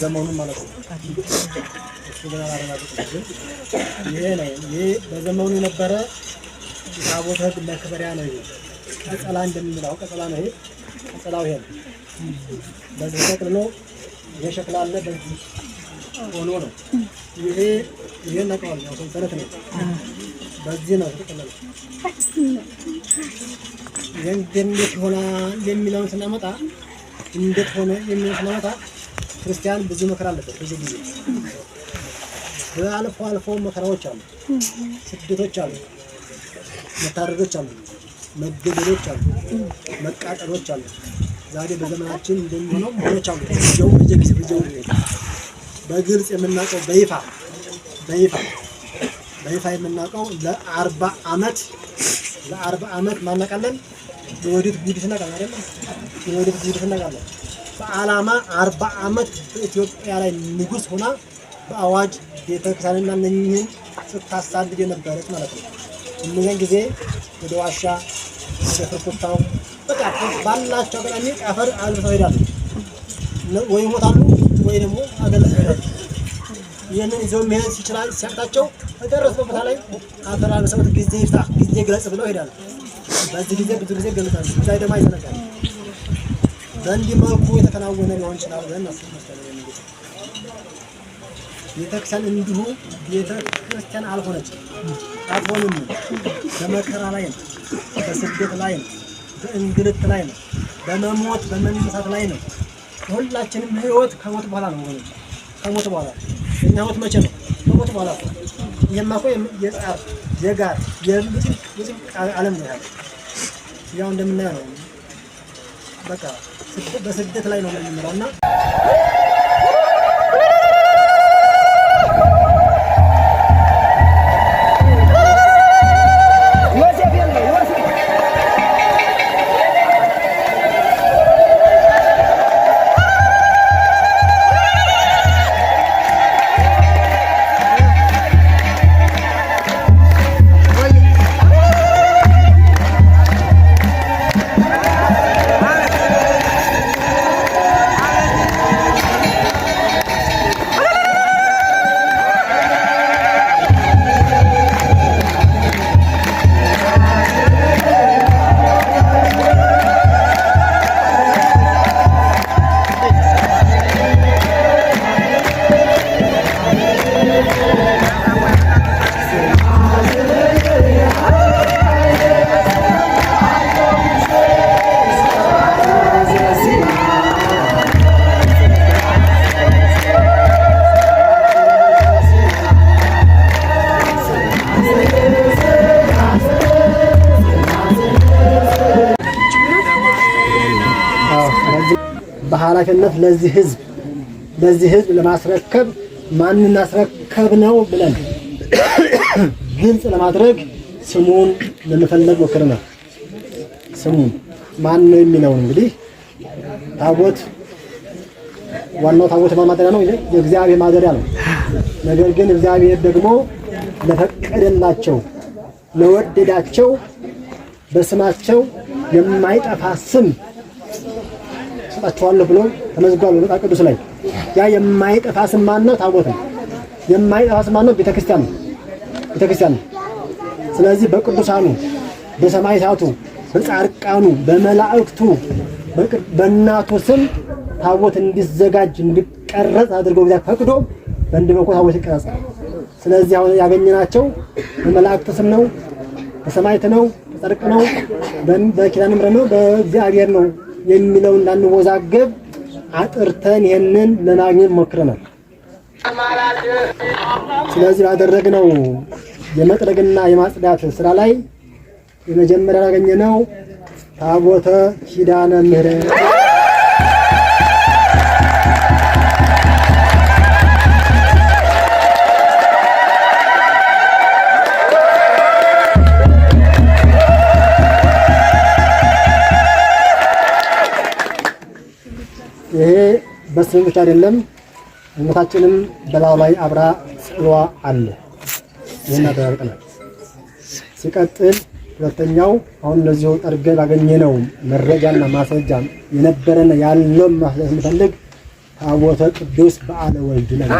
ዘመኑን ማለት ነው። እሱ ገና አላረጋገጥም፣ ይሄ ነው። ይሄ በዘመኑ የነበረ ታቦተ ሕግ መክበሪያ ነው። ይሄ ቀጸላ እንደምንለው ቀጸላ ነው። ይሄ ቀጸላው ይሄ ነው። በዚህ ተጠቅልሎ ይሄ ሸክላ አለ። በዚህ ሆኖ ነው ይሄ ይሄ ነቀዋል። ያው ሰንሰለት ነው። በዚህ ነው ተጠቅልሎ ይሄ እንዴት ይሆናል የሚለውን ስናመጣ እንዴት ሆነ የሚሉት ለመውጣት ክርስቲያን ብዙ መከራ አለበት። ብዙ ጊዜ በአልፎ አልፎ መከራዎች አሉ፣ ስደቶች አሉ፣ መታረዶች አሉ፣ መገደሎች አሉ፣ መቃጠሎች አሉ። ዛሬ በዘመናችን እንደሚሆነው ሞኖች አሉ። ጊዜው ብዙ ጊዜ በግልጽ የምናውቀው በይፋ በይፋ በይፋ የምናውቀው ለአርባ ዓመት ለአርባ ዓመት ማናቃለን የወዲት ጉዲት ነቃል አይደለም። የወዲት ጉዲት ነቃል በዓላማ አርባ ዓመት በኢትዮጵያ ላይ ንጉስ ሆና በአዋጅ ቤተክርስቲያንና እነኝህን ስታሳድድ የነበረች ማለት ነው። እነዚያን ጊዜ ወደ ዋሻ በቃ ባላቸው አጋጣሚ ቀፈር አዝርተው ይሄዳሉ። ወይ ይሞታሉ ወይ ደግሞ አገለጥ ይህንን ይዘው መሄድ ሲችላል ሲያቅታቸው በደረሱበት ቦታ ላይ አፈላልሰው ጊዜ ይፍታ ጊዜ ግለጽ ብለው ይሄዳሉ። በዚህ ጊዜ ብዙ ጊዜ ገምታል ጉዳይ ደግሞ አይዘነጋል። በእንዲህ መልኩ የተከናወነ ሊሆን ይችላል ብለን ናስ ቤተክርስቲያን እንዲሁ ቤተክርስቲያን አልሆነችም። አትሆንም። በመከራ ላይ ነው፣ በስደት ላይ ነው፣ በእንግልት ላይ ነው፣ በመሞት በመነሳት ላይ ነው። ሁላችንም ህይወት ከሞት በኋላ ነው ሆነ ከሞት በኋላ እኛ ህይወት መቼ ነው? ከሞት በኋላ ይህማ እኮ የጻፍ የጋር የብዙ ዓለም ነው ያለ ያው እንደምናየው ነው። በቃ በስደት ላይ ነው የምንለው እና በኃላፊነት ለዚህ ህዝብ ለዚህ ህዝብ ለማስረከብ ማን እናስረከብ ነው ብለን ግልጽ ለማድረግ ስሙን ለመፈለግ ሞክረናል። ስሙን ማን ነው የሚለውን እንግዲህ ታቦት ዋናው ታቦት ማማጠሪያ ነው፣ የእግዚአብሔር ማደሪያ ነው። ነገር ግን እግዚአብሔር ደግሞ ለፈቀደላቸው ለወደዳቸው በስማቸው የማይጠፋ ስም አሰጣቸዋለሁ ብሎ ተመዝግቧል በመጽሐፍ ቅዱስ ላይ። ያ የማይጠፋ ስም ማነው? ታቦት ነው። የማይጠፋ ስም ማነው? ቤተክርስቲያን ነው። ቤተክርስቲያን ነው። ስለዚህ በቅዱሳኑ በሰማዕታቱ በጻድቃኑ በመላእክቱ በእናቱ ስም ታቦት እንዲዘጋጅ እንዲቀረጽ አድርጎ ጊዜ ፈቅዶ በእንድ በኩል ታቦት ይቀረጻል። ስለዚህ አሁን ያገኘናቸው በመላእክት ስም ነው፣ በሰማዕት ነው፣ በጻድቅ ነው፣ በኪዳነ ምሕረት ነው፣ በእግዚአብሔር ነው። የሚለው እንዳንወዛገብ አጥርተን ይህንን ለማግኘት ሞክረናል። ስለዚህ ያደረግነው የመጥረግና የማጽዳት ስራ ላይ የመጀመሪያ ያገኘነው ታቦተ ኪዳነ ምሕረት ብቻ አይደለም። እመታችንም በላው ላይ አብራ ጽሏ አለ። ይህን አጠራርቀናል። ሲቀጥል ሁለተኛው አሁን እነዚሁ ጠርገ ባገኘነው መረጃና ማስረጃ የነበረን ያለው ማስረጃ ስንፈልግ ታቦተ ቅዱስ በዓለ ወልድ ነው።